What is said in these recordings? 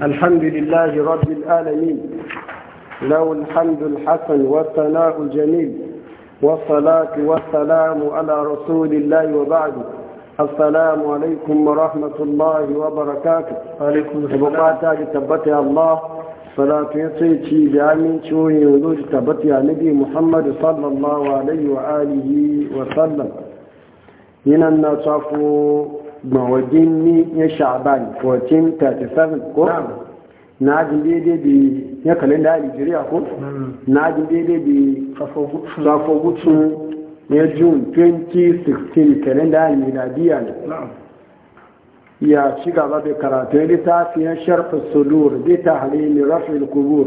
الحمد لله رب العالمين له الحمد الحسن والثناء الجميل والصلاة والسلام على رسول الله وبعد السلام عليكم ورحمة الله وبركاته عليكم السلام تبتي الله صلاة يسيتي بعمي شوي ولوج تبتي نبي محمد صلى الله عليه وآله وسلم من النصف mawajin ni ya sha'ban 1437 ko na jin daidai bi ya kalenda algeria ko na jin daidai bi safogutun ya june 2016 kalenda miladiya ne ya ci gaba da karatu ya littafin sharfa sudur bi tahlil rafil kubur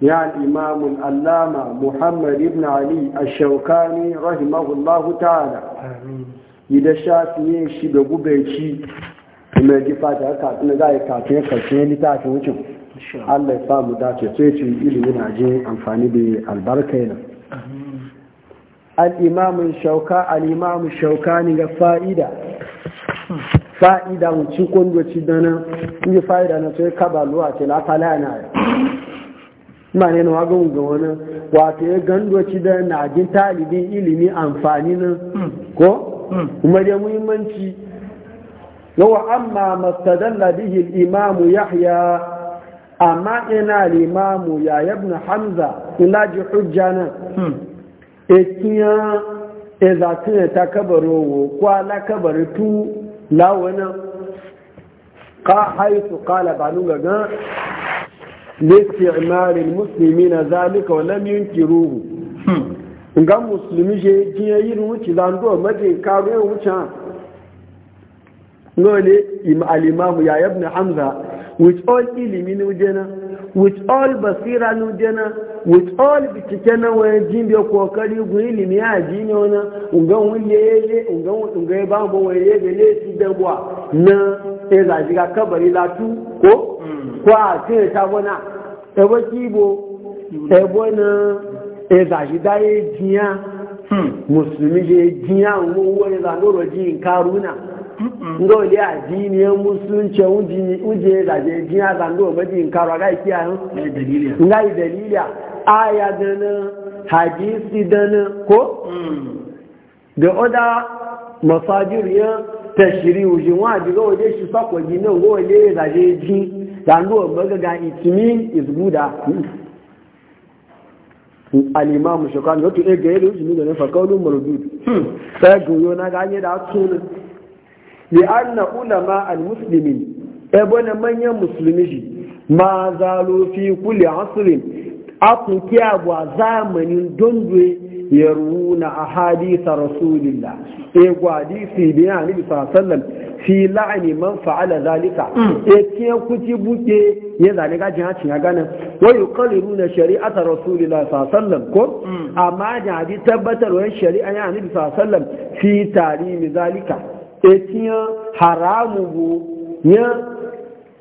ya imam allama muhammad ibn ali a shawkani rahimahullahu ta'ala amin idan shafiye shi da gubeci kuma ji fata kafin za a yi kafin karshen littafin wucin allah ya samu dace sai ce ilimi na je amfani da albarka yana al'imamun shauka al'imamun shauka ne ga fa'ida fa'ida wucin kwandoci dana yi fa'ida na sai kabaluwa ce lafala na ma ne na wagon ga wani wato ya gandoci da na jin talibin ilimi amfani na ko kuma da muhimmanci yawa amma mastadalla bihi al-imam yahya amma ina al-imam ya ibn hamza ila ji hujjana hmm. ekiya ezatin ta kabaro ko ala kabari tu na? ka haitu qala baluga ga لاستعمال المسلمين ذلك ولم ينكروه nga musulmi je jiye yirin wuce zando maje karo yin wuce nole alimahu ya na hamza with all ilimi ni wujena with all basira ni wujena with all bitike na wani jimbe kokari gun ilimi ya ji ne wani ungan wuyeye ungan ungan ba mu waye da lefi dabuwa na ya zaji ga kabari latu ko mm. ko a ce ta wana ebo kibo ebo na ẹ̀dà yídá yé mùsùlùmí yé jíyá owó owó ẹ̀dà lọ́rọ̀ jí nkárúnà ndọ́ ilé àjí ni ẹ mùsùlùmí ṣe ń jẹ ẹ̀dà yé jíyá ẹ̀dà lọ́rọ̀ mẹ́jì nkárú agáyé kí àyán ngáyé dẹ̀lílíà áyà dáná the other yẹn tẹ̀sírí òjì wọn yìí náà ilé jí alimamu shokan wato e ga yadda wuce nuna ne mara mardud sai goyo na ganye da tun li anna ulama almuslimin e bane manyan musulmi shi ma zalo fi kulli asrin akun kiya a zamanin dondwe ya ruuna a hadisa rasulillah e hadisi biya ya nabi sallallahu fi la'ani man fa'ala zalika mm. e tiyan kuti buke ya zane gajin hacin ya ganin wa yuqaliru na shari'ata rasulillahi sallallahu alaihi wasallam ko mm. amma da hadi tabbatar wa shari'a ya annabi sallallahu alaihi wasallam fi tarimi zalika e tiyan haramu bu ya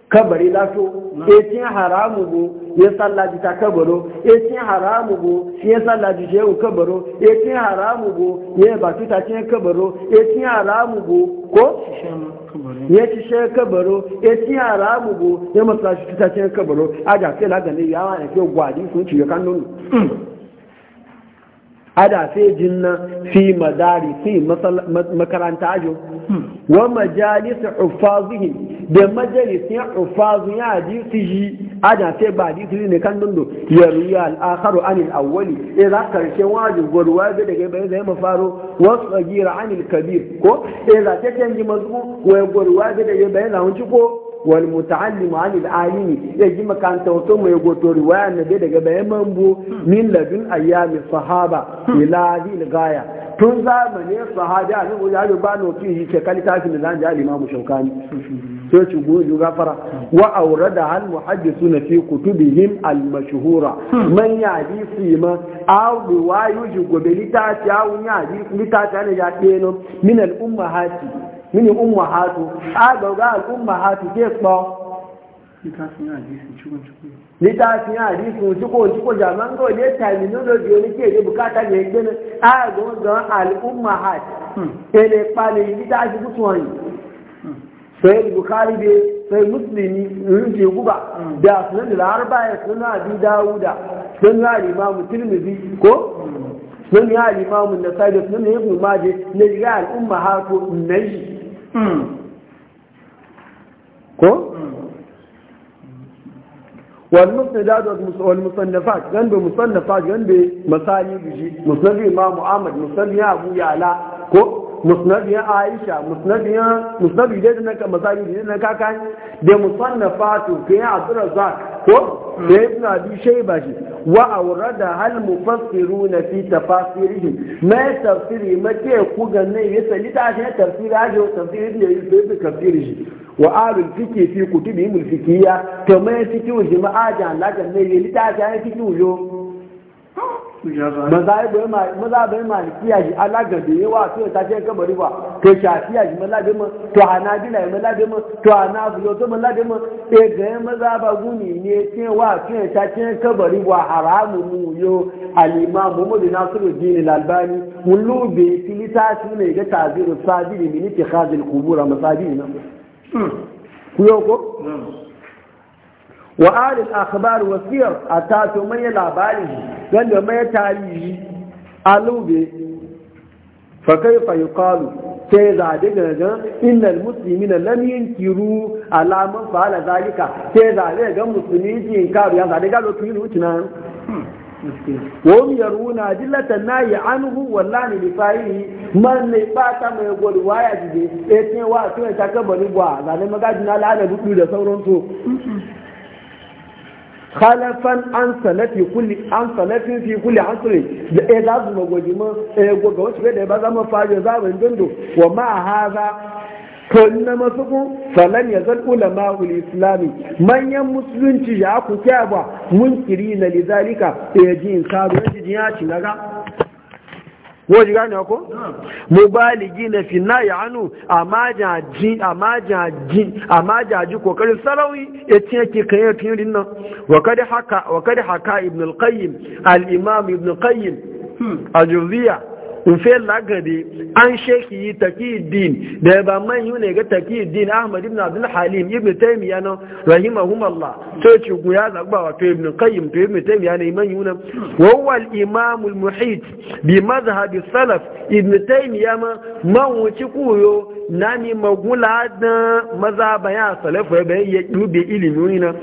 kabari lato mm. e tiyan haramu bu ya sallaji ta kabaro ya cin haramu go ya sallaji je u kabaro ya cin haramu go ya batu ta cin kabaro ya cin haramu go ko ya ci shi kabaro ya cin haramu go ya masallaci ta cin kabaro a ga sai la ga ne yawa ne ke gwaji sun ci ya kan nono mm. ada sai jinna fi madari fi makaranta ajo hmm. wa majalis ufazihi da majalisin ufazu ya su shi ada sai ba hadisi ne kan dundo ya ruya al-akharu anil awwali idza eh, karshe wajin gurwa da daga bai zai faro wa sagira anil kabir ko idza eh, ta canji mazmu wa gurwa da daga bai zai ko wal muta'allimu anil alimi ya ji makanta wato mai goto riwaya annabi daga bayan mambo min ladun ayyami sahaba ila hadhihi gaya tun zamanin sahaba a nan ya ba no fi yi kalita shi fin zan ji al shaukani sai ci goju gafara wa aurada hal muhaddisuna fi kutubihim al-mashhura man yadisi ma aw riwayu jigobelita ta wunya hadisi litata ne ya deno min al-ummahati mini umma hatu a dauga al'umma hatu ke kpọ litafi ya hadisu ciko ciko jaman kawai ne terminology wani ke ne bukata ne gini a gama gama al'umma hatu ke ne kpali litafi mutu wani sai bukari bai sai musulmi rinke guba da sunan da larba ya suna bi dawuda sun ya limamu tirmidhi ko sun ya limamu nasai da sunan ya yi maje na jiga al'umma hatu nayi ko? wannan sadadar wani musallafat gan bai musallafat gan bai masani guji musalli ma mu'amad musalli abu yala ko? musnadiyan aisha musnadiyan musnadi da na ka zagi da ka kaka da musannafatu ke ya asura za ko da ibn abi shayba shi wa awrada hal mufassiruna fi tafasirihi ma tafsiri ma ke ku ne ya sai ta shi tafsiri ajo tafsiri ne ya da tafsiri shi wa alul fiki fi kutubi mul fikiyya to ma fiki wa jama'a da Allah ne ya lita ta fiki wuyo maza yi mazaɓin malikiya shi alagabe yawa su ta ce kabari ba to shafiya shi malabe ma to hanabila ya malabe ma to hanafulo to malabe ma e ga ya mazaba guni ne cewa su ta ce kabari ba haramu mu yo alima muhammadu nasiru dini lalbani mun lube filita su ne ga tazirin sabiri miniti khazil kubura masabiri na hmm. ku yau ko wa alil akhbar wa siyar atato mai labari wanda mai tarihi alube fa kaifa yuqalu sai za daga ga innal muslimina lam yankiru ala man fa'ala zalika sai za daga ga musulmi ji inkaru ya za daga lokacin rutina wa yẹ̀rù na adílẹ̀tẹ̀ dillata yẹ anuhu wọ̀lá ní ìfàyè máa ń lè pàtà mọ̀ ẹ̀gbọ́n ya dìde etí wa tó ẹ̀ta kẹ́bọ̀ nígbà àgbàdo mẹ́gájì náà lánàá dudu da sauran to. khalafan an salafi kulli an salafin fi kulli asri da eh za su magwaji ma eh goga wasu da ba za mu faje za mu dindo wa ma haza kun na masuku falan ya zal ulama ul islami manyan musulunci ya ku kyaba munkiri na lizalika eh jin sabu jin ya ci naga wọ́n gane ọkọ́ mo bá lè jí na fi náà yà ánú àmájàjí kokarin sarawi etí yake kan yẹ tun rinna wakadi haka ibn al-qayyim al-imam ibn al-qayyim hmm. a juriya nfe lagari an sheki yi takiyuddin da ba man yi ne ga takiyuddin ahmad ibn abdul halim ibn taymiya na rahimahum allah to ci ku ya zagba wa to ibn qayyim to ibn taymiya ne man yi ne wa huwa al imam al muhit bi madhhab salaf ibn taymiya ma man wuci kuyo nani magula da maza bayan salaf ya bayan ya dube ilimi na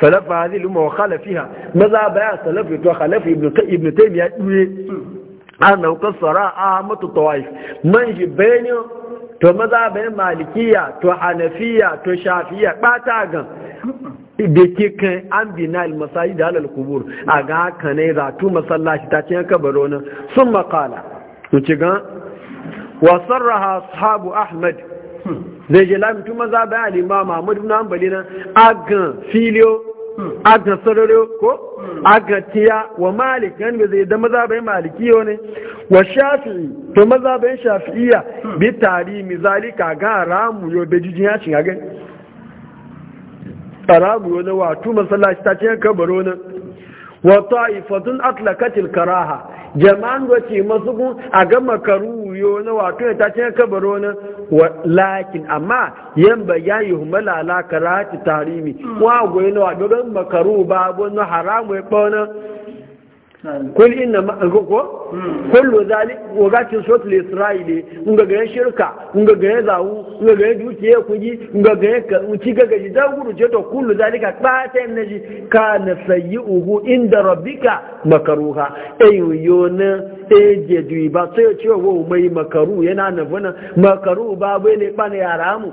salafa hadhihi al umma wa khalafiha maza bayan salaf to khalaf ibn ibn taymiya ana a mata tawaif man jibeni to maza bayan malikiya to hanafiya to shafiya bata gan da ke kan an na almasaji da halal kubur a ga haka ne ratu masallaci ta ce yanka baro nan sun makala wuce gan wasan raha sahabu ahmad je jela maza bayan alima mahmud na ambali nan agan filiyo agan sarariyo ko a gatiya wa malik yan ga zai da mazabai malikiyo ne wa shafi'i to mazabai shafi'iya bi tari ka ga ramu yo da jijin ya shiga ga ramu yo na wato masallaci ta cikin kabaro na wa ta'ifatun atlakatil karaha jama'an da masu gun a ga makaru yo na wato ta ce kabaro na lakin amma yan yi humala ala karati tarimi mm. wa goyi na wato makaru babu na haramu ya kul inna ma ko kullu zalik sot le isra'ili nga ga shirka nga ga zawu nga ga dukiye kuji nga ga ka uci ga gaji da guru je to kullu zalika ta naji kana sayyuhu inda rabbika makaruha ayu yona eje dui ba sai ce wo mai makaru yana nafana makaru ba bai ne bane haramu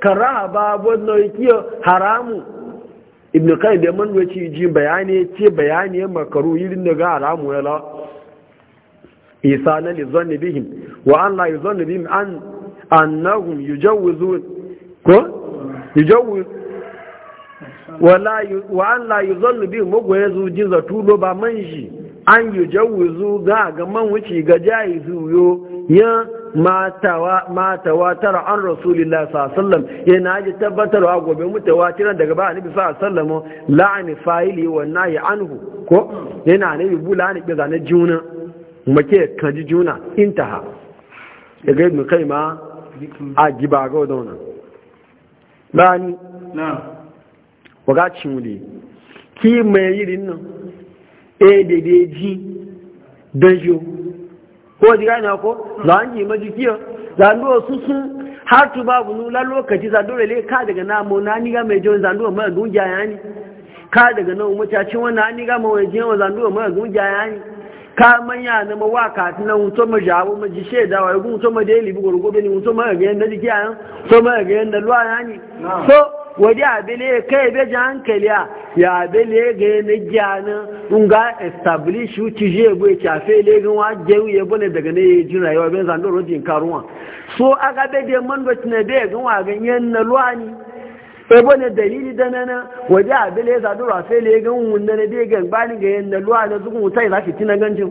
karaha ba wannan yakiyo haramu ibn kai da man wace ji bayani ce bayani makaru irin daga haramu ya la isa na li zonni bihim wa an la zonni bihim an annahum zuwa ko yi wala wa an la zonni bihim zuwa jin lo ba man shi an yujawizu zuwa ga man wuce ga jayi zuwa yan ma tawatara an rasulillah sallam yana ji tabbatarwa gobe mutawatiran daga ba annabi sallam la'ani fa'ili wa nahi anhu ko yana nufi bu la'ani bi zane juna make kaji juna intaha daga ibn kaima a gibago ga wannan bani na waga cimuli ki mai yirin nan e eh, da ji danjo ko ji gane ko za an yi majikiya zanduwa su su har tu babu nula lokaci zanduwa le ka daga namo na ni ga mai jiwon zanduwa mara gungiya ya ni? ka daga nan mutacin wannan ni ga mai jiwon zanduwa mara gungiya ya ne ka manya na mawaka na wuto ma jawo ma ji sheda wa yugo wuto ma da ili bugurgudu ni wuto ma ga yanda jiki ayan so ma ga yanda luwa ya so waje abele kai be ji hankali a ya abele ga ya na gyana in ga establish wuce je bu ya cafe legin wa jewu ya bane daga ne ya ji rayuwa ben zan doro jin karuwa so aga be de man do tine be ga wa ga yan na luwani e bane dalili da nana wadi abele za doro afe legin wun na ne be ga bani ga yan na luwani zugun wutai za ki tina ganjin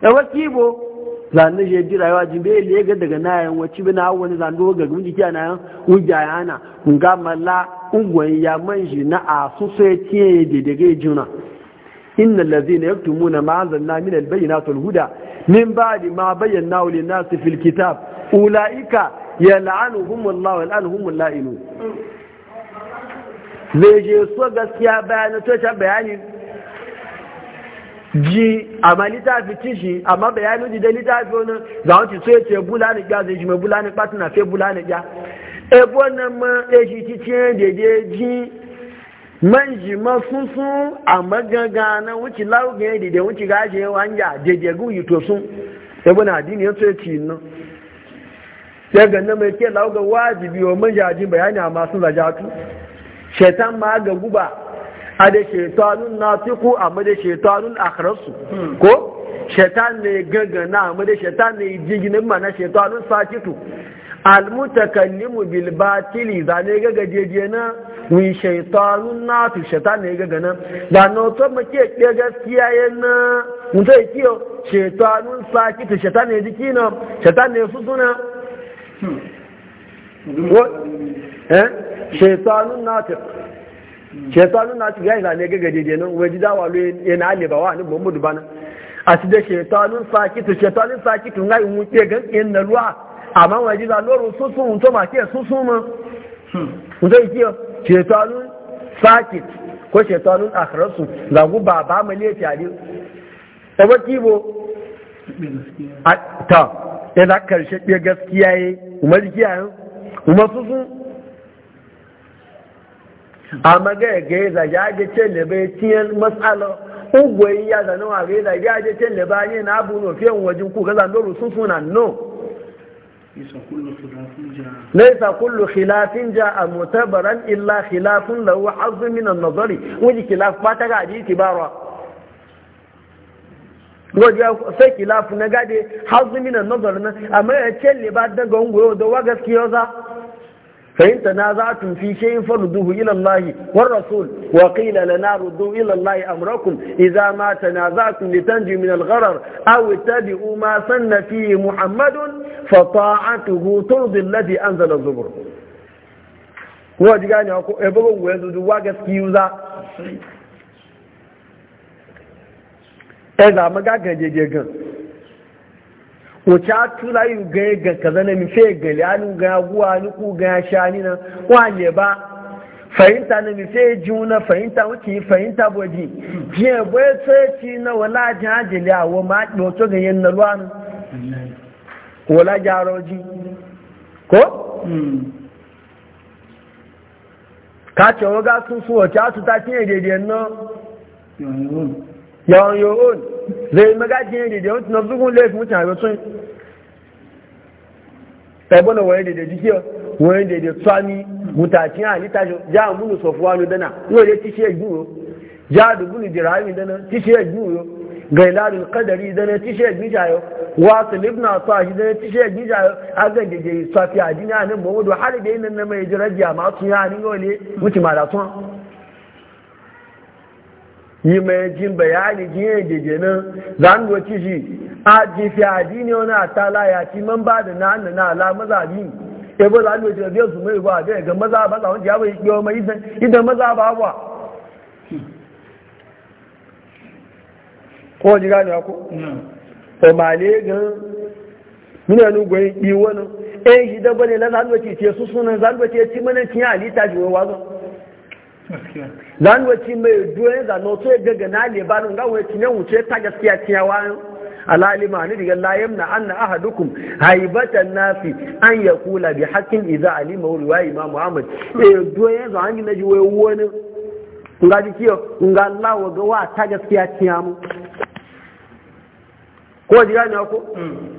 da wakibo zanen shi ji rayuwa jin bai liye ga daga nayan wacce bi na wani zanen ga gumin jiki a nayan wujja ya hana nga mala ungwan ya man shi na a su ya tiye ya daidaiga juna inna allazina yaktumuna ma na min albayyinati walhuda min di ma wuli na su fil kitab ulaika yal'anuhumullahu yal'anuhumul la'inun zai je so gaskiya bayanin bayanin. ji amma littafi tishi amma bayani ji da littafi wani za wanci so ya ce bula ni gya zai ji mai bula ni pati na fe bula ni gya ebo na ma e shi ti tiye dede ji man ji ma funfun amma ganga na wuce lauga ya dede wuce gashi yawa hanya dede gu yi to sun ebo na adini ya so ya ci nan daga na mai ke lauga wajibi wa ajin bayani amma sun zajatu shaitan ma ga guba a da shaitanun nasiku a shaitanun akhrasu hmm. ko shaitan ne gagana a da shaitan ne jiginin mana shaitanun sakitu almutakallimu bil batili zane gaga jeje na wi shaitanun natu shaitan ne gaga nan da na to muke ke gaskiya yana mutai kiyo shaitanun sakitu shaitan ne dikina shaitan ne susuna hmm. eh shaitanun natu shaitanu na ci gani zane gaga daidai nan ji dawa lo yana aliba wa ni bombu nan a ci da shaitanun sakitu shaitanun sakitu ngai mu ke ga yan na ruwa amma waje da loro susu mun to ma ke susu ma hmm. mun zai ki shaitanun sakitu ko shaitanun akhrasu ga gu baba mu ne tare ta kibo bo ta da karshe e gaskiya yi umar yi, umar susu Amma magayaga ya zage ajiyacin da bai tiyan matsala ugwai ya zane wa ga ya zage ajiyacin da bayan yana abu nufiyan wajen kuka zandoro sun suna no nisa kullu khilafin ja a mutabaran illa khilafin da wa azumin na nazari wajen khilaf ba ta gaji ki barwa gwaji sai khilafu na gade hazumin na nazari na amma ya ce liba daga ungwe da wa gaskiyar za فإن تنازعتم في شيء فردوه إلى الله والرسول وقيل لنا ردوا إلى الله أمركم إذا ما تنازعتم لتنجوا من الغرر أو اتبعوا ما سن فيه محمد فطاعته ترضي الذي أنزل الزبر هو جاني يبغوا ويزدوا واقف كيوزا إذا ما قاعد يجيجن wace a tula yi ga ga kaza na mife gali anu ga guwa ni ku ga shani na wale ba fahimta na mife juna fahimta wuce yi fahimta boji je bai tsoci na wala jin hajjali a wa maɗi wato ganyen na luwanu wala jaroji ko ka ce waga sun su wace a tuta tiye daidai na yawon yawon zai magajin ne da yawancin na zugun laifin mutane ba sun taibona wayan da da jikiya wayan da da tsami mutacin halitta shi ja munu sofuwanu dana yau da ci shi guro ja da bunu dirhami dana ci shi guro gailarul qadari dana ci shi gijayo wasu libna sahi dana ci shi gijayo aga da je safiya dina nan mamudu har da yin nan mai jirajiya masu yanin gole mutum ma da sun yi mai jin bayani jin yin jejenin zan doci shi a jifi adini wani atala ya ci man ba da na hannu na ala maza bi ebe zan doci da zai su mai ba zai ga maza ba za wani ya bai kiyo mai idan maza ba ba ko ji gani ko o male gan mina nu goyin ki wani eh shi da bane na zan doci ce su sunan zan doci ci mana cin alita ji wai wazo lanwaci mai doyen zano to ya gaga na libanin gawai ne wuce ta gaskiya ciyawa alalima ni daga layam na an na ahadukum haibatan nafi an ya kula bi hakin iza alima wuri wa imam muhammad eh doyen zano an na ji wai wani nga ji kiyo nga lawa wa ga wa ta gaskiya mu ko ji gane ko hmm.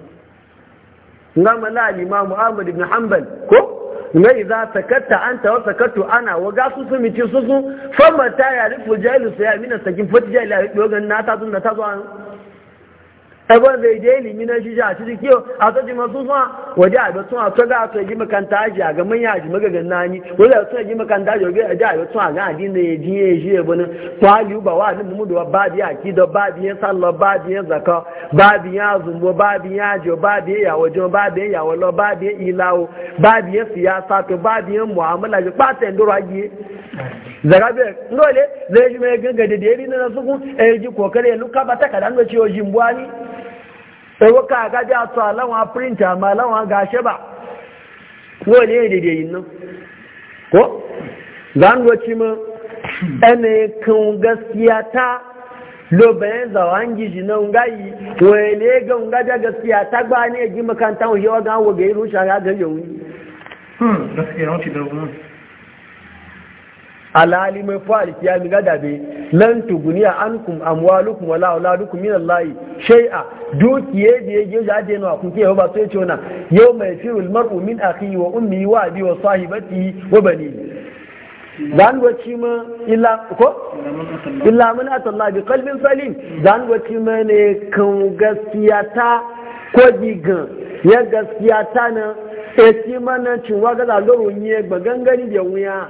nga mala al-imam ibn hanbal ko ta katta sakatta ta wasa katto ana wa ga su sun mici su su fa mata ya rufu jailu sai amina sakin fati jahilu ya dogan na ta zo na ta zo ɗagon zai je na shi a cikin kiyo a tsaji masu waje a bai suna to ga to yi makanta aji a ga manya aji magagan nani waje a suna yi makanta aji waje a ji a bai suna ga adi ne ji ya shi ya bani to ajo yawo ilawo siyasa zai ji mai da na kokare luka ba ta kadan da ciwo jimbwani ẹwọ́ ká àgájá àtọ́ aláwọn apíríntì àmà aláwọn aga aṣẹ́bà wọ́n ní èdèdè yìí kó zangoci mọ́ ẹni kan gaskiya ta lóbẹ̀ẹ́ zawon gizi na ngayi wọ́n ní ga ngaja gaskiya ta gbá ní ẹgbẹ́ makanta òṣèwọ́ ga wọ́gẹ̀ irú ṣàgá gẹ̀yẹ̀ wuni alali mai fa'al kiyami gada be lan a ankum amwalukum wala auladukum min Allah shay'a dukiye da yake ya je na kun ke ba sai ce wannan yau mai firul mar'u min akhihi wa ummi wa abi wa sahibati wa bani dan wacce ma illa ko illa man atalla bi qalbin salim zan wacce ma ne kan gaskiya ta ko digan ya gaskiya ta na e mana cewa ga zaloro ne ba gangani da wuya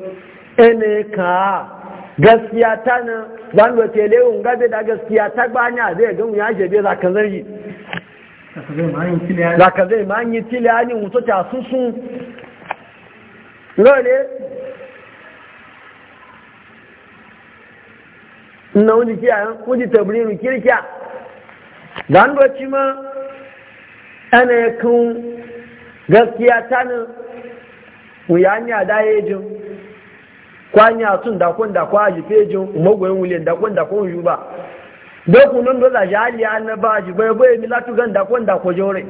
ene ka gaskiya ta na zan da tele un gabe da gaskiya ta gbanya zai ga mu ya shebe za ka zargi za ka zai ma yi tilani mutu ta susu lole na wani yan kudi tabriru kirkiya zan da ci ma ana kun gaskiya ta na mu ya hanya da kwanya tun da kun da kwa fejin magoyin wule dakon kun da kun yuba da kunun da za jali annaba ji bai bai mi latu gan da kun da ko jore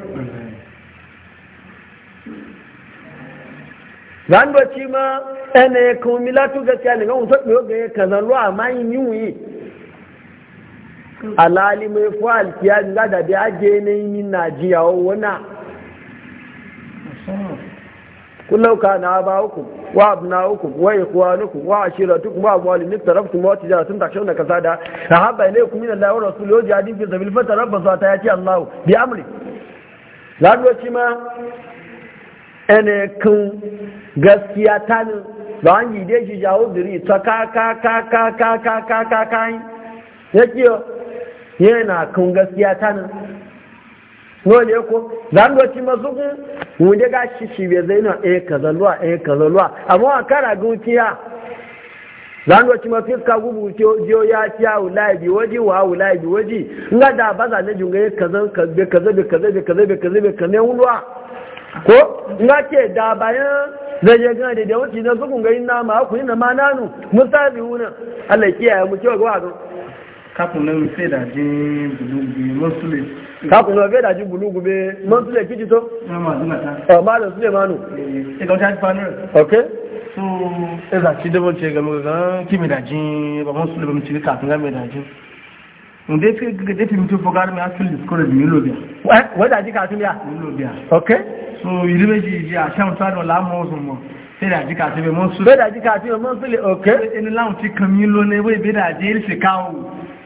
zan do ci ma ene ko mi latu ga ka ne ngon do ga ka zan ro amai ni wi alali mai fal kiya da da bi aje ne ni najiya wona kullau kana ba hukum وأبناؤكم وإخوانكم وعشيرتكم وأموال اقترفتم wa تخشون كسادها أحب إليكم من الله ورسوله وجهاد في سبيل فتربصوا حتى يأتي الله بأمره لا دلوقتي ما ene كن gaskiya ta nan da an yi dai shi jawo diri ta ka ka ka ka ka ka ka ka ka ya kiyo yana kan gaskiya ta nole ko zan doci mazugu wunde ga shi shi be zaina eh kaza luwa eh kaza luwa amma a kara gukiya zan doci mafiska gubu jo ya ciya wulai bi waji wa wulai bi waji nga da baza na junga eh kaza kaza kaza be kaza be kaza be kaza be kaza wulwa ko nga ke da bayan zai je gana da yawanci na zugun ga yin nama ku yi na ma nanu musabi wuna Allah kiyaye mu kiwa ga wa kakunan fedajin bulugun mọ́sílẹ̀ kakunan fedajin mọ́sílẹ̀ kí jítọ́? ọmọdé sílẹ̀ mánu ok ẹzà tí dẹ́bọ̀n ti ẹgbẹ̀mọ̀ gan kí mẹ́dàjín bàbá mọ́sílẹ̀ bẹ̀mọ̀ ti rí kàkúnlẹ̀ mẹ́dàjín ǹdẹ́ tí gẹ́gẹ́ tí mi tó fọ́gárùn-ún mi á tún lè kọ́rẹ̀ sílẹ̀. Bédàjí kàtí láhùn ti kàn mí lónìí, wé ìbédàjí ìrìsìká ohun.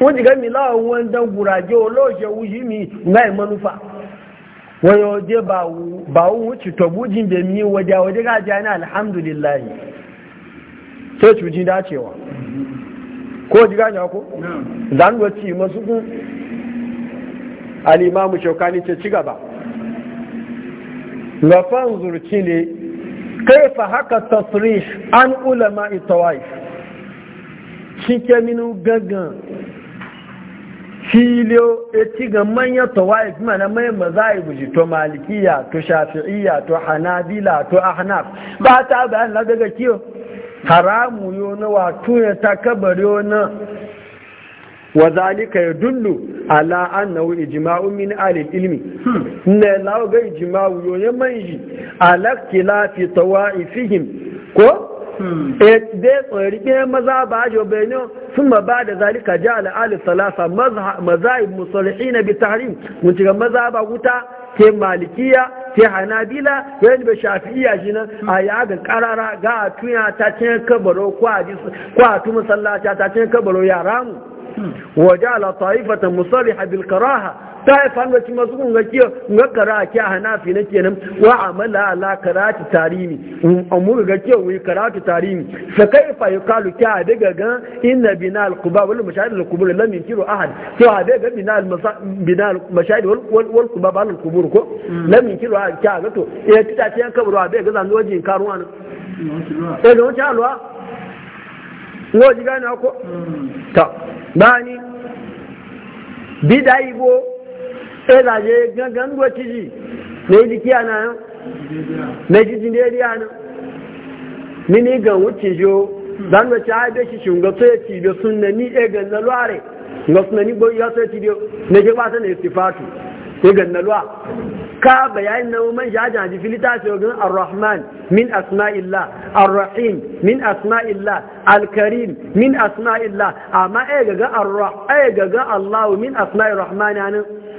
wọ́n ti gẹ́mi láwọn wọn dán gùràjẹ́ olóòṣẹ́ wúṣí mi láì mọ́núfà wọ́n yóò jẹ́ bàwọ́ ti tọ̀bú jíǹde mi wọ́já wọ́já gájá ní alhamdulillahi tó jí ko ji ganya ko? masu kun alimamu shaukani ce cigaba gaba haka an filiyo ya ci ga manyan tawaye kuma na mai mazaibu ji to malikiya to shafi'iyya to hanabila to ahnaf ba ta bayan na daga kiyo haramu yo na wato ya ta kabari yo na wa zalika yadullu ala annahu ijma'u min ahli ilmi hmm. ne lawo ga ijma'u yo ya manji ala khilafi tawaifihim ko Hmm. Eh, dai tsori ɗaya maza ba a jobe ne sun ma ba da zalika ji al'alif salasa mazahib musulhi na bitarin mun ciga maza ba wuta ke malikiya ke hanabila yayin da shafi'iya shi nan hmm. a ya ga karara ga a tuya ta cin kabaro ko a tu masallaci ta cin kabaro yara mu hmm. waje ala ta'ifatan musulhi bil karaha ta yi fara ci masu kun gaki ga kara ki a hanafi na kenan wa amala ala karatu tarimi amur ga ke wi karatu tarimi fa kaifa yukalu ki a daga ga inna bina al quba wal mashahid al qubur lam yunkiru ahad to a daga bina al bina al mashahid wal quba al qubur ko mm. lam yunkiru ahad ki a ga to eh ta ce kaburu a daga zan wajin karuwa ne eh, don ta alwa ngo jigana ko mm. ta bani elaje gangan gwaciji na yi jiki ana yan na jijin daidai ana mini ga wuce jo zan wace haibe shi shi ga tsoye cibe sun e na ni ga na luware ga sun na ni goyi ya tsoye cibe na ke ba ta e na istifatu ya ga na luwa ka bayanin na man jaji a jifili ta ce wajen ar min asma'illah ar min asma'illah al min asma'illah amma ai e gaga ar-rahman gaga allah min asma'ir rahman yanin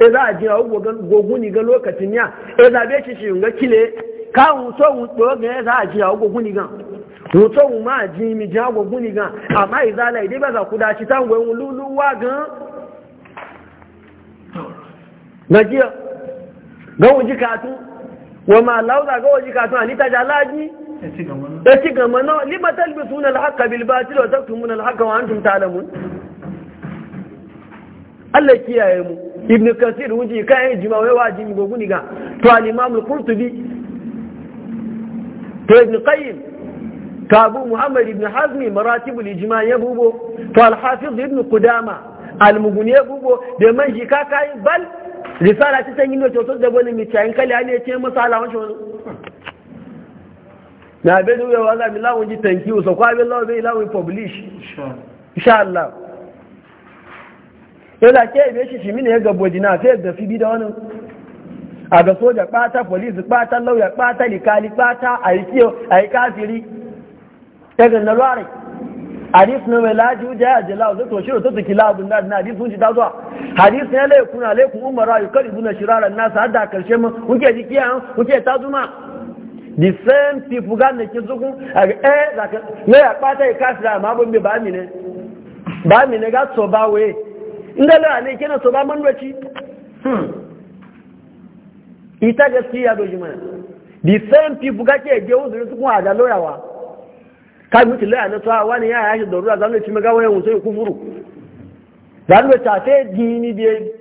e za a ji a ugo goguni ga lokacin ya e za be shi shi kile ka hu so hu do ga e za a ji a ugo ga hu so ma ji mi ja goguni ga amma izala idai ba za ku da shi tango hu luluwa ga na ji ga hu ji katu wa ma lauza ga hu ji katu ani ta jalaji e ci e gama na lima talbisuna al-haqqa bil batil wa taktumuna al-haqqa wa antum ta'lamun Allah kiyaye mu ibn kasir wuji kayan juma wai wa jimi gogu ni ga to al imam al qurtubi to ibn qayyim to abu muhammad ibn hazm maratib al ijma ya bubo to al hafiz ibn qudama al mughni ya bubo da man shi ka kai bal risala ta san yin to da bani mi cayin kali ne ce masa alawan shi na bedu ya wala billahi wuji thank you tankiyo so kwa be lawun be lawun publish insha Allah sai da ke ibe shi shimi ne ya gabo jina sai ga fi bi da wani a ga soja ɓata polisi ɓata lauya kpata likali ɓata a yi kiyo a yi kafiri ta ga nalwari hadis na mai laji wuce ya jela zai to shiro ta tuki labun na na hadis sun ci tazuwa hadis ne lai kuna lai kun umara yi kar ibuna shiraran nasa har da karshe mun kuke ji kiyan kuke zuma. the same people gan da ki zukun a ga eh zaka ne ya kpata ya kafira amma abin bai ba mi ba mi ne ga so ba waye ngala ne kina so ba man wace ita gaskiya doji mana the same people kake je uzurin su kuma da loyawa Ka mutu loya na tsawa wani ya yashi da ruwa zamu ci maga wayan wuce kufuru zamu ta sai dini be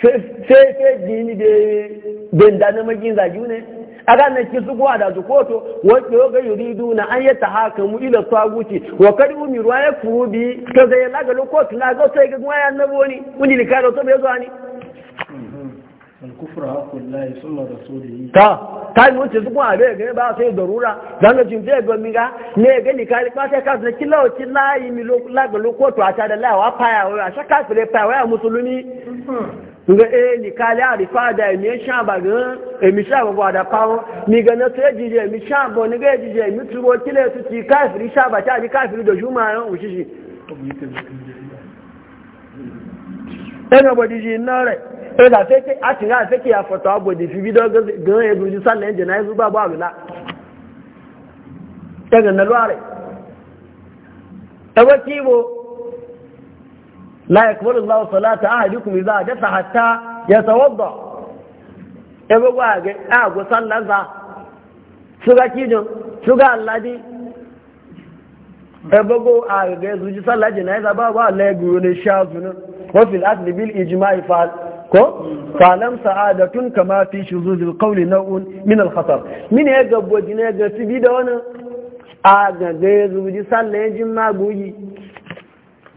sai sai dini be ben da na magin zagi ne aga na ki zuwa da zukoto wanda ga yuridu na an yata hakamu ila taguti wa kadi umiru ya furu bi to zai laga lokoto na ga sai ga waya nabo ni mun ni kada to bai zo ni الكفر حق الله ثم رسوله تا kai mun ce zuwa ga ba sai darura dan jin zai gomi ga ne ga ni kai ba sai kasu yi mi lo la ga a ta da lawa wa shaka musulmi hmm. nga eli eh, ni kale a rifa emi ga emi sha da pawo ni ga na sai jije emi eh, sha ni ga jije emi tubo kile su ti kafiri sha ta ni kafiri da juma yan ushishi ẹnu ọgbọ̀dì yìí iná rẹ̀ ẹgbà fẹ́kẹ́ àtìrí àfẹ́kẹ́ àfọ̀tọ̀ ọgbọ̀dì fi bí dọ́gbọ̀n ẹgbùn jù sálẹ̀ ẹ̀jẹ̀ náà la. bọ́ àrùlá ẹgbẹ̀nà lọ́rẹ̀ ẹgbẹ́ kí wo la yakbalu Allahu salata ahadukum idza hadatha hatta yatawadda ebe gwa ga a go sallan za suga kijin suga alladi ebe go a ga zuji sallan jinaiza ba ba Allah ya guru ne shazuna wa fil asli bil ijma'i fa ko falam sa'adatun kama fi shuzuzil qawli naw'un min al khatar min ya gabbo jinaiza tibi da wani a ga ga zuji sallan jin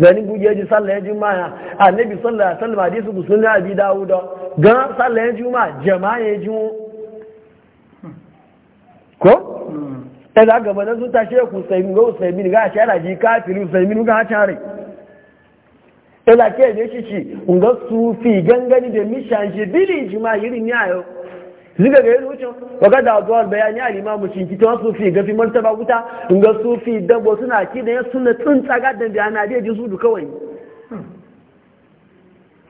gani buje ji sallah juma'a annabi sallallahu alaihi wasallam hadisi musulmi abi dawuda ga sallah juma'a jama'a ya juma'a ko ta za gaba na sun tashe ku saimin ga usaimin ga shara ji kafiri usaimin ga share ila ke ne shi shi ga sufi gangani da mishan shi bili jima'a irin yayo ziga ga yin wucin waga da zuwa bayani a limamu shi kita wasu fi gafi martaba wuta in ga sufi dabo suna ki da ya suna tsuntsa gadan da yana da ji sudu kawai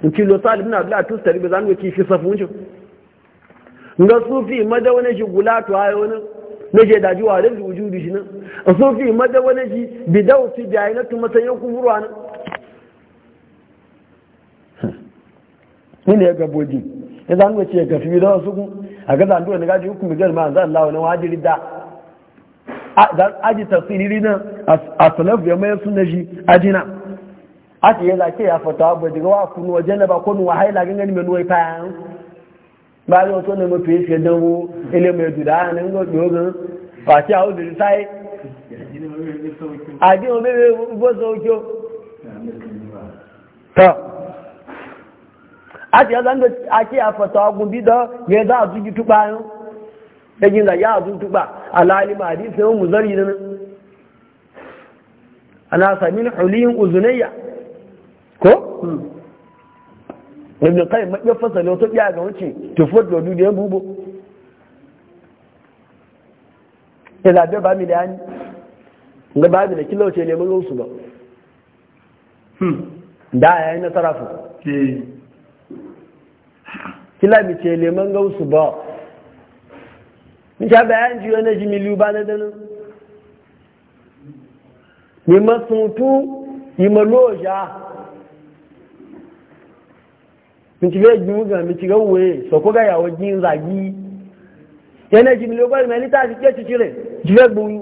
in ci lo salib na abdullahi tun taribi zan ga ki fi safu wucin in ga sufi mada wani shi gula to ayo wani na je daji wa rabbi wujudu shi nan in sufi mada na shi bidau fi biyayinatu masayan kuburwa nan ne ya gaboji ya zan ga ce gafi bidau su kun a ga zanduwa na gaji hukumi gal ma zan lawa na wajiri da aji tafsiri na a salaf ya suna shi naji ajina a ce ya zake ya fata ba daga wa kunu wajen ba ko nuwa haila gangan mai nuwai fayan ba zai wato na mafi yake don wu ile mai duda na ngo dogon ba ce a wuzi sai a ji o mebe bo sauki ta a ce ya zanga ake a fatawa gumbi da ya za a zuki tuba yin da yin da ya zuki tuba alalima hadisi yau muzari da nan ana samin huliyin uzunayya ko hmm. ibn kai maɓe fasali wata biya ga wuce tufar da wadu da ya bubo ya ba mi da yani ga ba mi da kilauce neman gausu ba hmm. da ya yi nasara fi kila mi ce leman gausu ba in sha bayan jiyo na miliyu ba na danin ni masuntu yi maloja mi yi gai gimuga mi ci gauwe so ko ga yawo jin zagi yana miliyu ba mai lita fi ke ci cire jiyo gbuyu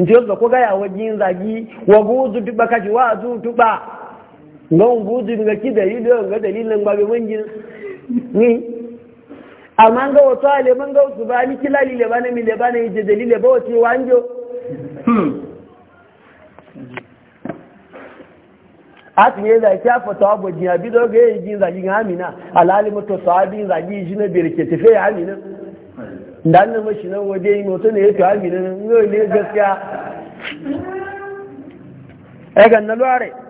nti yóò sọ kó gáyàwó jí ń zagi wọ̀gún ó tún túpa kájú wá tún ngon guji nga ki dalilin nga dalilin ba bai mangin ni amma ga wato ale man ga su ba ni kilali le bana mi le bana je dalile ba wato wanjo hmm. ati ye da kya fata abu jiya bido ga yi jin zagi ga amina alali mutu sahabi zagi ji na birke tafe ya amina dan nan mashi nan waje yi mutu ne yake amina ne ne gaskiya ai ga na lore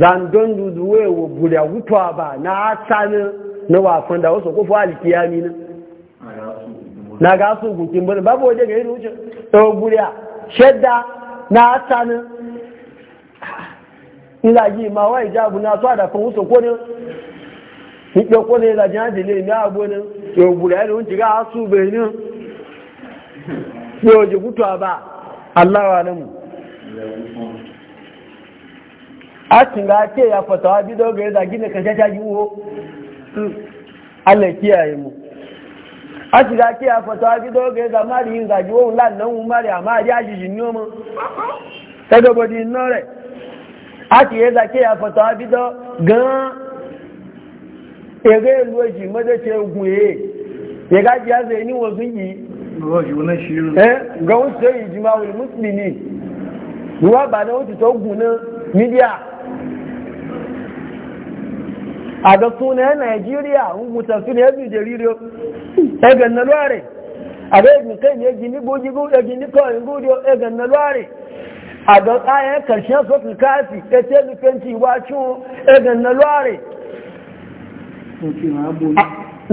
zandon duduwe wa guda gutuwa ba na asanin na wafin da wasu kufu alikiyami na na ga su gukin bane babu waje ga irin wucin ɗau guda shadda na asanin ila yi ma wa ijabu na su da kan wusu kone ni ɗau kone ya zaji hajji ne na abu ne ɗau guda ya rinci ga asu bai ne ɗau ji gutuwa ba Allah wa alamu a tunga ce ya fatawa bido ga ya yadda gina ka shasha yiwo Allah kiyaye mu a tunga ce ya fatawa bido ga yadda mari yin zagi wo lan nan mu mari amma ya ji jinyo mu ta ga bodi nore a ti yadda ke ya fatawa bido e. ga ere loji madace guye ya gaji ya zai ni wazun yi eh, ga wasu yi jima'ul musulmi ruwa ba na wata togun na midiya a ga ne Najeriya rubuta sunayen Nijeriya egan na lware a ga ibn kai ne gini bugi gudu gini kawai gudu egan na lware a ga tsayen karshen sotul kafi ya ce lukanci wa ciwo egan na lware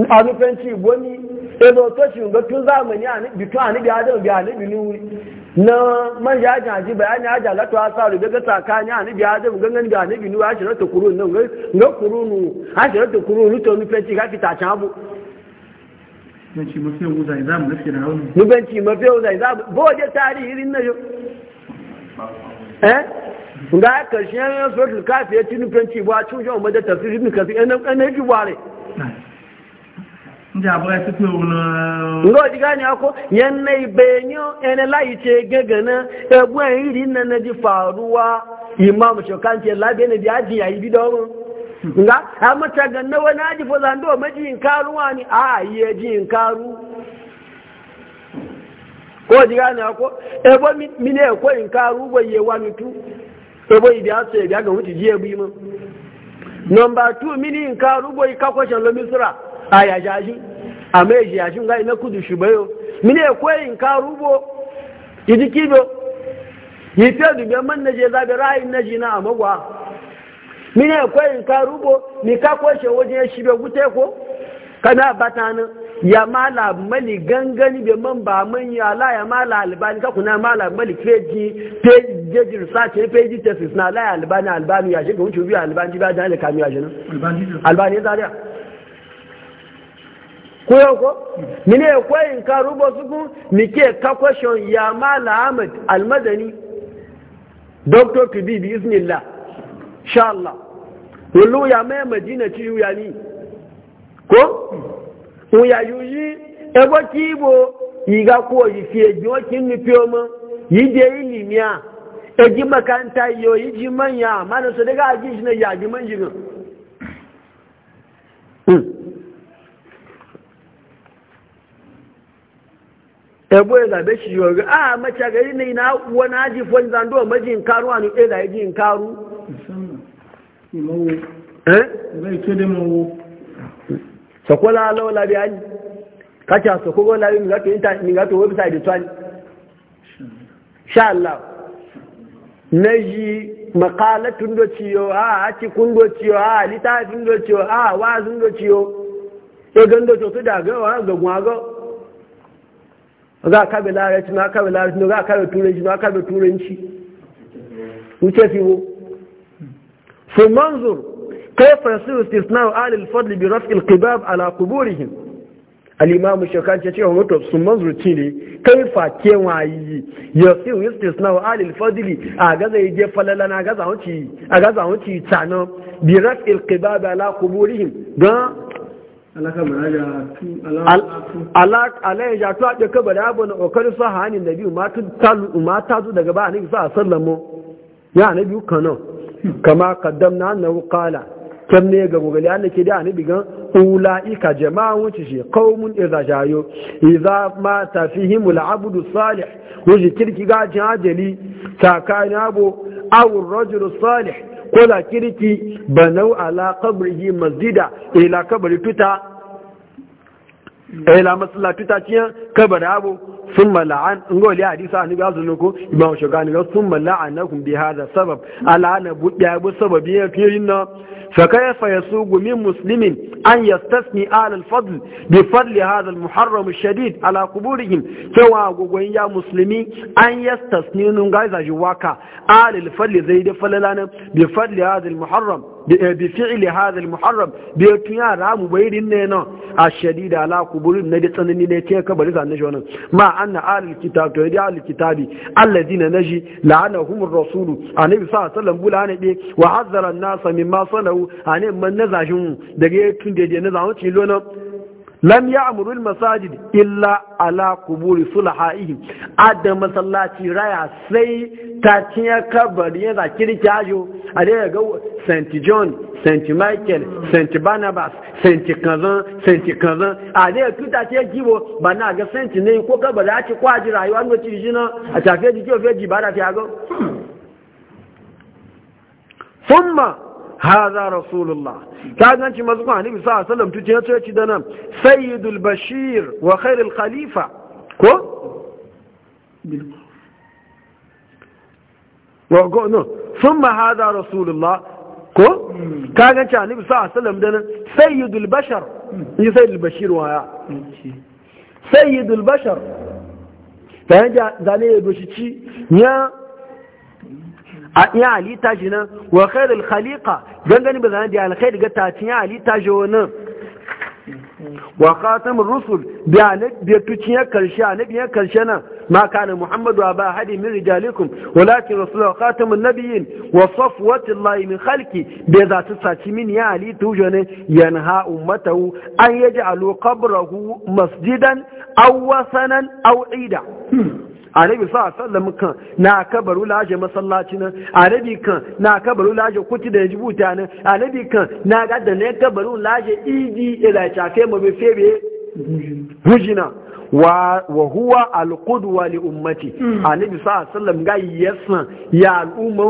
a lukanci gwani ebo to shi ga tun zamani a ni bitu a ni bi adam bi ani binu na man ya aji ji bayani aja la to asa ru ga tsakani ni bi adam gangan ga ni binu a shira to kurun nan ga kuru kurunu a shira to kurunu to ni fenti ga fita can abu benci mafi yau zai zamu lafiya da hauni ni benci mafi yau zai zamu bo je tarihi irin na yo eh ga karshen suratul kafi ya tinu fenti ba cujo mu da tafsirin kasi enan enan ki bare ngo diga ni ako yanne ibenyo ene lai ce gagana ebu en iri nan na ji faruwa imam shokan ce labe ne bi aji yayi bi dawo nga amma ta ganna wani aji fo zando ji in karuwa ni a ihe ji in karu ko diga ni ako ebe mi ne ko in karu go ye wa ebe tu ebo ibi aso ibi aga wuti je bi mu number 2 mini in karu go ikakwashan lo misra a ya a mai jiyashin ga na kudu shubayo mine kwayin ka rubo idi kido yi fiye dubbe man na je zaɓi ra'ayin na jina a magwa mine kwayin ka rubo ni ka kwashe wajen shi bai gute ko kana batana ya mala mali gangani bai man ba man ya la ya mala albani ka kuna mala mali feji feji sace feji tesis na la albani albani ya shiga wuce biyu albani ba da alkami shi albani ya zariya kuyo ko mine kwayin ka rubo suku nike ka kwashon ya mala ahmad almadani doctor to be bi iznillah insha Allah wallu ya mai madina ci ya ni ko o ya yuyi ebo kibo iga ko yi fi ejo kin ni pe omo yi de ilimia eji makanta yo yi ji manya mana so daga aji ne ya ji manjin ebo ya zabe shi yoga a mace gari ne na wani aji fon zando majin karu anu e da yajin karu eh zai ce da mawo sakola lawla bi ani kacha sakola lawla mi gato inta mi gato website da tsani insha Allah naji maqalatun do ciyo a aki kun do ciyo a litafin do ciyo a wazin do ciyo e gando to da ga wa ga gwago za a kabe larabci ma kabe larabci za a kabe turanci ma kabe turanci wuce wo su manzur kai fasiru istisna alil fadli bi rafi alqibab ala quburihim alimamu shekaru shakan ce cewa mutu sun manzur ci ne kai fa ke wayi yasiru istisna wa alil fadli a gaza yi falala na gaza wuci a gaza yi tsanan bi rafi alqibab ala quburihim don alayin jatu a ɗauka ba da abu na ƙoƙarin sa hannun na biyu mata zu daga ba a nufi sa a sallamo ya na biyu kanon kama kaddam na hannun wukala kyan ne ga mugali an ke da a nufi gan ika jama'a wuce shi kawumin iza jayo iza ma tafi himu abudu salih wuce kirki gajin ajali tsakanin abu awun rajulu salih ko da kirki banau ala qabrihi masjida ila kabari tuta ila masallaci ta ciyan kabari abu sun mala'an in a wali hadisa annabi ya zunu ko imam shogani ga sun mala'anakum bi hada sabab ala'ana buɗe bu sabab ya fiye yin nan fa kayfa yasugu min muslimin an yastasni ala fadl bi fadli hada al-muharram shadid ala quburihim cewa gogoyin ya muslimi an yastasni nun ga zaji waka ala fadl zai da falala bi fadli hada muharram Eh, bi fi'li hadha al tun yara mu ramu bayirin ne na ashadida ala kuburin na da tsanani ne ke kabari zanne jonan ma anna ahlul kitab to ya ahlul kitabi alladina naji la'anahum ar-rasulu annabi sallallahu alaihi wasallam bulane be wa hazzara an-nasa mimma sanau anan man nazajin daga tun da na zamu ci lona lam ya amurul masajid illa ala kuburi sulahaihim adda masallaci raya sai ta cinya kabari yana kirki ajo a dai ga st john st michael st barnabas st kazan st kazan a da ya tuta ce gibo ba na ga st ne ko kabari a ci kwaji rayuwa ne ci jina a tafiye jiki ofe ji ba da fiye ga haza rasulullah ta ganci mazuma annabi sa sallam tuce ya ce da nan sayyidul bashir wa khairul khalifa ko wa go no thumma haza rasulullah ko ka sa sallam da nan sayyidul bashar ni sayyidul bashir wa ya sayyidul bashar ta zane ya ya a iya halitta shi nan wa khairul khaliqa gangani ba zan da alkhair ga ta cin halitta shi wannan wa khatamur rusul bi anabi tuciya karshe anabi ya karshe nan ma kana muhammadu aba hadi min rijalikum walakin rasulullah khatamun nabiyyin wa safwatullahi min khalqi bi za ta saci min ya halitta shi ne yanha ummatahu an yaj'alu qabrahu masjidan aw wasanan aw ida hmm. arabi sa sallam kan na kabaru laje masallaci nan arabi kan na kabaru laje kuti da yaji buta nan arabi kan na ga da ne kabaru laje idi ila kai mu be febe hujina wa huwa alqudwa li ummati annabi sa sallam ga yasan ya al'umma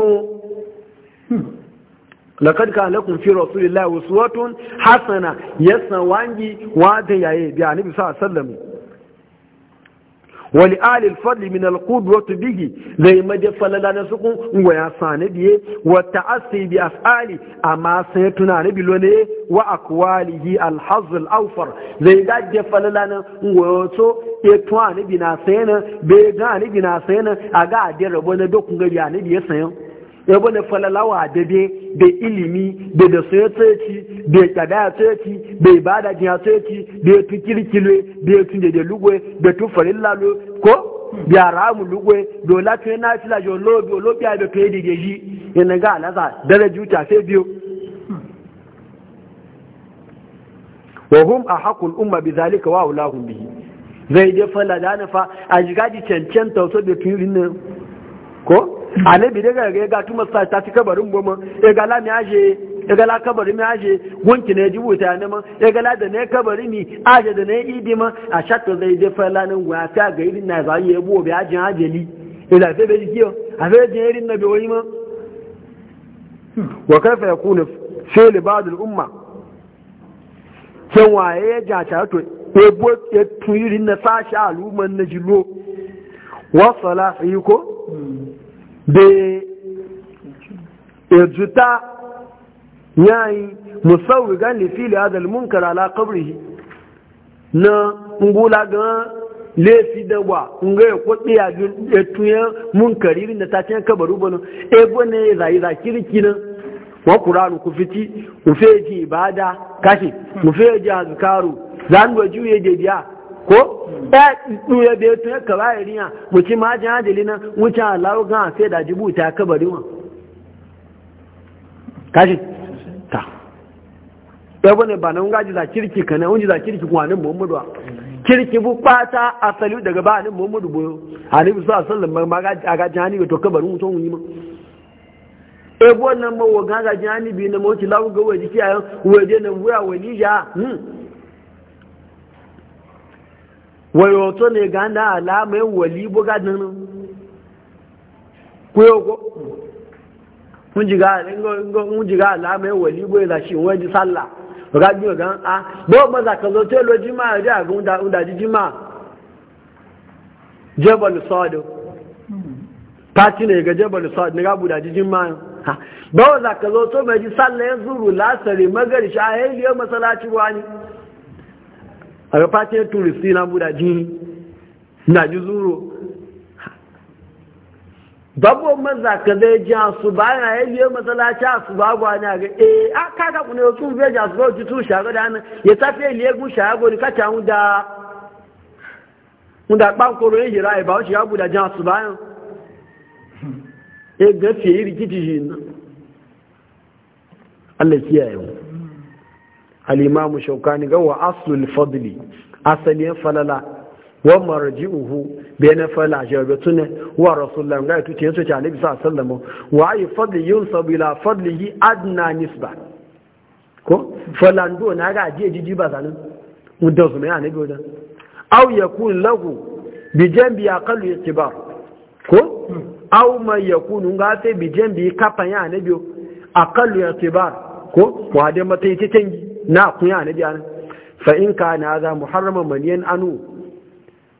laqad kana lakum fi rasulillahi uswatun hasana yasan wangi wa da yaye bi annabi sa sallam wani alil fadli min alqud bihi zai maje falala na suku ngwa ya sane biye wa ta'assi bi af'ali amma sai tuna ne bilone wa aqwalihi alhazz alawfar zai gaje falala na ngwa so e tuna ne bina na be ga ne na na aga de rabo na dokun gari ne ya sayan ya bane falalawa be da ilimi da da soya da ya kada ya da ibada jiya da ya tukirkile da ya tunje da lugwe da tufarin ko da ramu lugwe la tu na fila jo lobi lobi a da to yi dige shi yana ga alaza dare ta sai biyo wa hum ahaqul umma bi zalika wa ulahum bihi zai da falala fa a cancanta so da turin ko anabi daga ga ga tuma sa ta ci kabarin goma ya ga lami aje ya ga la mi aje gunki ne jibu ta ne ma ya ga la da ne kabarin mi aje da ne idi ma a shatta zai je falanin gwa ta ga irin na zai yebo bi ajin ajeli ila fe be jiyo a fe je irin na bi wani ma wa kaifa yakunu fi li ba'd al umma ken waye ya jata to ebo ya tuyirin na sashi al'umman na jilo wa salahi ko de ejuta yayi musawigan li fili hadal munkar ala qabrihi na ngula ga lefi da wa nga ya kwaɗe ya munkari irin da ta cin kabaru bano e ya zai za kirki na wa qur'anu ku fiti ku feji ibada kashi mu feji azkaru zan wa juye je ko ya ɗuya bai tun ya kaba ya riya wuce ma jin hajjali nan wuce alawo gan sai da jibu ta kabari wa kashi ta ya bane ba na wunga jiza kirki kana wunji za kirki kuma nan muhammadu wa kirki bu kwata a asali daga ba nan muhammadu boyo halibu su asalin ma ga jihani to kabarin mutum yi ma ebo nan ma wa ga jihani bi na mawuci lawo ga waje kiyayen wajen na wuya walija ya? Hmm. wayoto ne ga na alamai wali buga nan kuyoko mun jiga alamai wali buga da shi wani sallah ga biyu ga a ah, bo ba za ka zo te lo jima da ga unda unda jima jabal sadu tati ne ga jabal sadu ne ga buda jima ba za ka zo to mai ji sallah ya zuru lasari magarishi a yayin masalaci wani a ga fashe turisti na ji na ji zuro babu maza ka zai ji su ba na ya biyo matsalaci a su ba gwa ne a ga eh a kaka kuna yau sun biya jasu bauchi tun shago da hannun ya tafi ya liye gun shago ni kacha hun da hun da kpankoro yin hira ba wuce ya buda ji su bayan ya gafe yi rikici shi nan Allah kiyaye mu al'imamu shaukani ga wa aslul fadli asalin falala wa marji'uhu bai na fala jawabe tuna wa rasulullah ga tuce yaso ci alaihi sallama wa ayi fadli yunsabu ila fadlihi adna nisba ko falando na ga ajiye jiji ba sanin mudan su mai anabi wajen aw yakun lahu bi jambi aqallu itibar ko aw ma yakun ga sai bi jambi kafan ya anabi aqallu itibar ko wa da mata yi ta tangi na kunya na biya fa in ka na za muharraman yan anu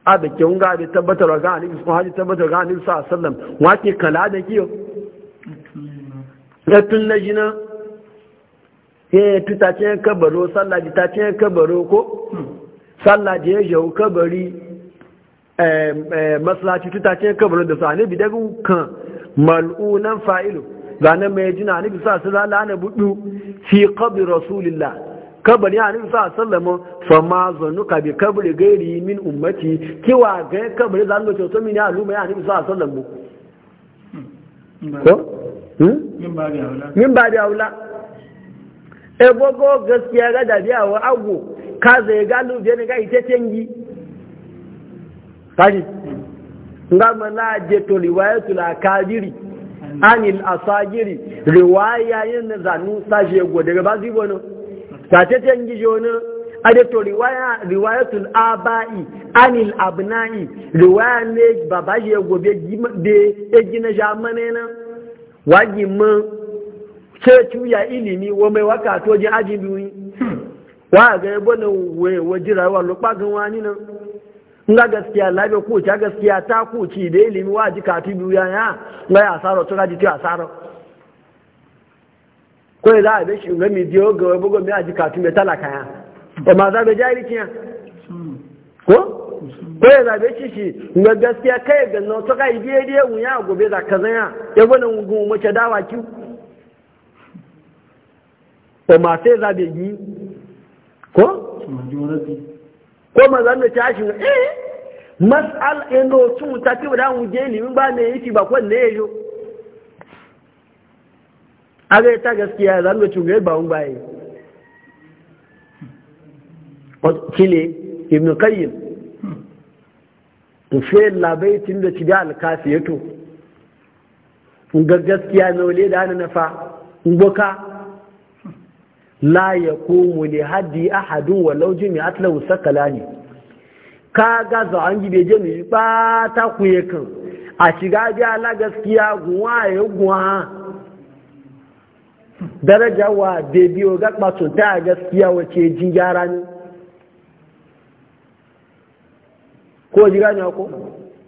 a da ke wunga da tabbatar ga annabi sun haji tabbatar ga ni sallallahu alaihi wasallam wake kala da kiyo da tun na he eh tuta ce kabaro sallah ji ta ce kabaro ko sallah ya jau kabari eh, eh masallaci tuta ce kabaro da sa annabi daga kan mal'unan fa'ilu ga nan mai jina annabi sallallahu alaihi wasallam lana fi qabri rasulillah kabar ya nufi sa sallama fa fama zanuka bi kabari gairi min ummati kiwa ga kabari za mu min ya luma ya nufi sa sallama ko hmm? min ba da aula e bogo gaskiya ga da biya wa ago ka zai ga lu je ne ga ite tengi kaji hmm. ngama na je to la kadiri hmm. anil asagiri riwaya yin zanu sa je go daga bazibono tatacen gijo ne adato riwayatul aba'i anil abna'i riwaya ne baba shi ya gobe da ya e gina jamane na wagi ma ce cuya ilimi wa mai waka to jin aji biyu wa ga yabo na waje rayuwa lokpagin wani na. nga gaskiya labe ko ta gaskiya ta ko ci da ilimi wa ji katu biyu ya ya nga ya asaro to ga ji ta asaro ko za a bashi ga mi biyo ga wai bugo mi aji katu mai talaka ya to ma za bai jari kiya ko ko ya zabe shi shi ga gaskiya kai ga no to kai biye biye mu ya gobe da kazan zanya ya gona mu mace dawa ki to ma sai zabe yi ko ko ma zan da tashi eh mas'al endo tun ta ti da mu je ni ba ne yi ba ko ne yo aga ta gaskiya za mu cunga ba mun baye kile ibn qayyim to sai tun da tibi alkasi to. ga gaskiya na wale da ana nafa boka la yakumu li hadi ahadun walau jimi sakala ne. ka ga za an gibe je ni ba ta kuye kan a shiga biya ala gaskiya guwa ya guwa daraja wa bai biyo gaba sun ta gaskiya wace ji gyara ne ko ji gani ko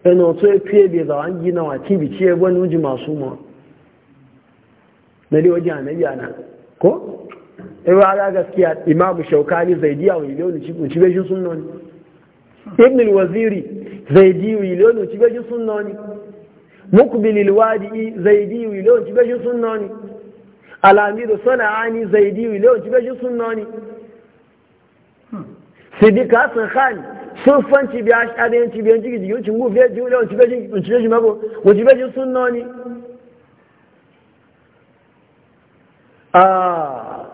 ina so ya fiye bai zawa an gina wa ci bici ya gwani uji masu ma na dai waje anabi ana ko ewa ga gaskiya imamu shaukani zaidiya wa iliyonu ci bai shi sunna ne ibn waziri zaidiyu iliyonu ci sun na sunna ne mukbil ilwadi zaidiyu iliyonu ci bai sun sunna ne alamiru ani zaidi wile ci gaji sunnoni sidika hasan khan sufanci bi ashariyanci bi yanci jigi ci ngufe ji wile ci gaji ci gaji mako wuci gaji sunnoni a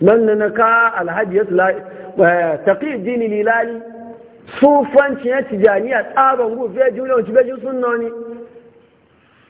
nan na na ka alhaji ya taƙi dini lilali sufanci ya tijaniya tsaron gufe ji wile ci gaji sunnoni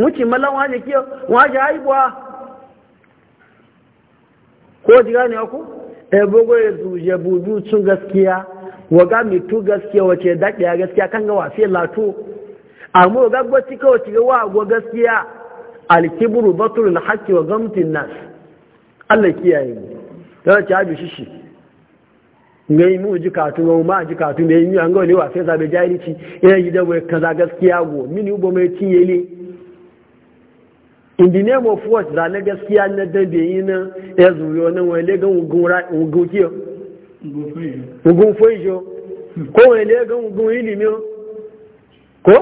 wuce mallan waje ke waje haibuwa ko ji gane ku e bugo ya zuje bubu tun gaskiya ga mitu gaskiya wace daɗiya gaskiya kan ga wafe lato amma ga gwati kawai ci ga wa gaskiya alkibru batul haqqi wa gamtin nas Allah kiyaye mu ce ci haju shishi ngai mu ji katu mu ma ji katu me yi an ga ne wafe za be jahilci yana gida wai kaza gaskiya go mini ubo mai cinye ne in the name of what na gaskiya na da yi na ya zuwa na wani legan ugun kiyo ugun ko wani legan ugun ilimi ko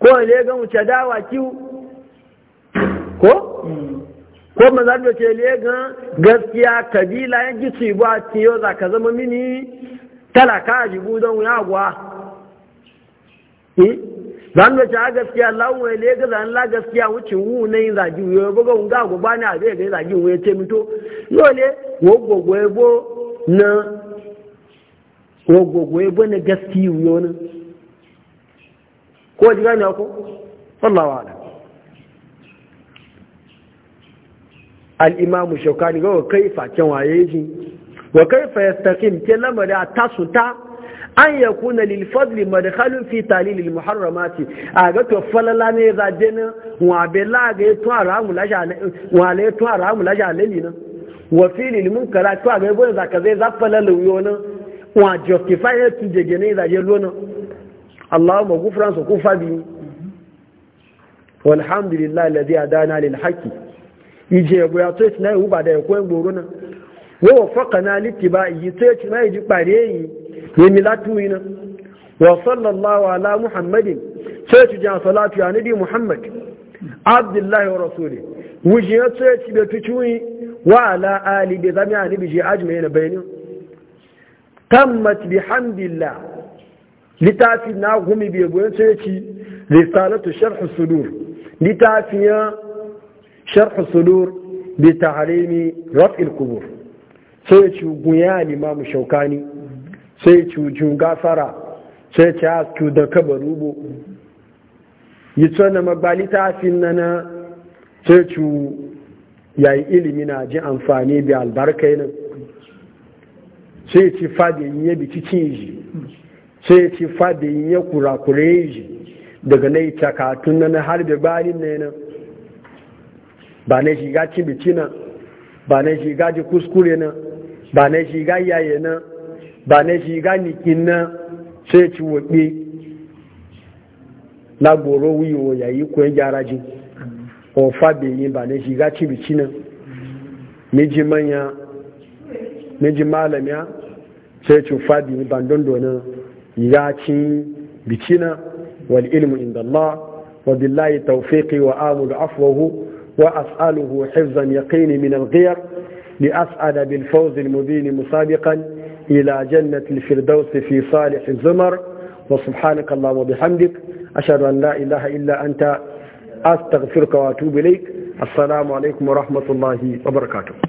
ko wani legan wuce dawa kiwu ko ko maza da ce legan gaskiya kabila ya ji su ba tiyo za ka zama mini talaka a jibu don wuya gwa zan da ta gaskiya lawon wai ne ga zan la gaskiya wucin wu ne yin zagi wuyo ba ga unga go ba ne a zai ga zagi wuyo te mito yo ne wo gogo ebo na wo gogo ebo na gaskiya ko ji gane ko sallallahu alaihi al-imam shaukani ga kaifa kan waye shi wa kaifa yastaqim ke lamari a tasu ta an ya kuna lilfadli madakhalun fi talilil muharramati Aga ga to falala ne za jini wa be la ga to aramu la ja wa le to aramu la ja leli na wa fi lil munkara to ga bo za ka zai za falala yo na wa justify to je gene za je lona allahumma gufran su kufa bi walhamdulillahi alladhi adana lil haqqi ije bo ya to na uba da ko ngoro na wa wafaqana litibai to ya ci mai ji pare yi yemi latuwina wa sallallahu ala muhammadin sai ci jan salatu ya nabi muhammad abdullahi wa rasuli wujiyar sai ci bai tuci wa ala ali bai zama ya nabi ji ajiyar yana bayanin tammat bi hamdillah littafi na gumi bai goyon sai ci risalatu sharh sudur littafiya sharh sudur bi tahrimi raf'il qubur sai ci gunya limamu shaukani sai cucin gafara sai ci hasku da kaba rubo yi tsanan magbali ta nana sai cu yi ilimi na ji amfani bi albarkai yana sai ci fadin ya bi cikin ji sai ci fadin ya kurakure ji daga na yi cakatun nana har da balin na yana ba na shiga cibici na ba na shiga ji kuskure na ba na shiga yaye na ba na shiga nikin nan sai ci waɓe lagoro wiwo yayi kuwa gyara ji ofa beyin ba na shiga cibici nan miji manya miji ya sai ci fadi bandon donin ci bici nan wal ilmu inda Allah wa billahi tawfiqi wa amul afwahu wa as'aluhu hifzan yaqini min al ghayr li as'ala bil fawz al-mubin musabiqan إلى جنة الفردوس في صالح الزمر وسبحانك اللهم وبحمدك أشهد أن لا إله إلا أنت أستغفرك وأتوب إليك السلام عليكم ورحمة الله وبركاته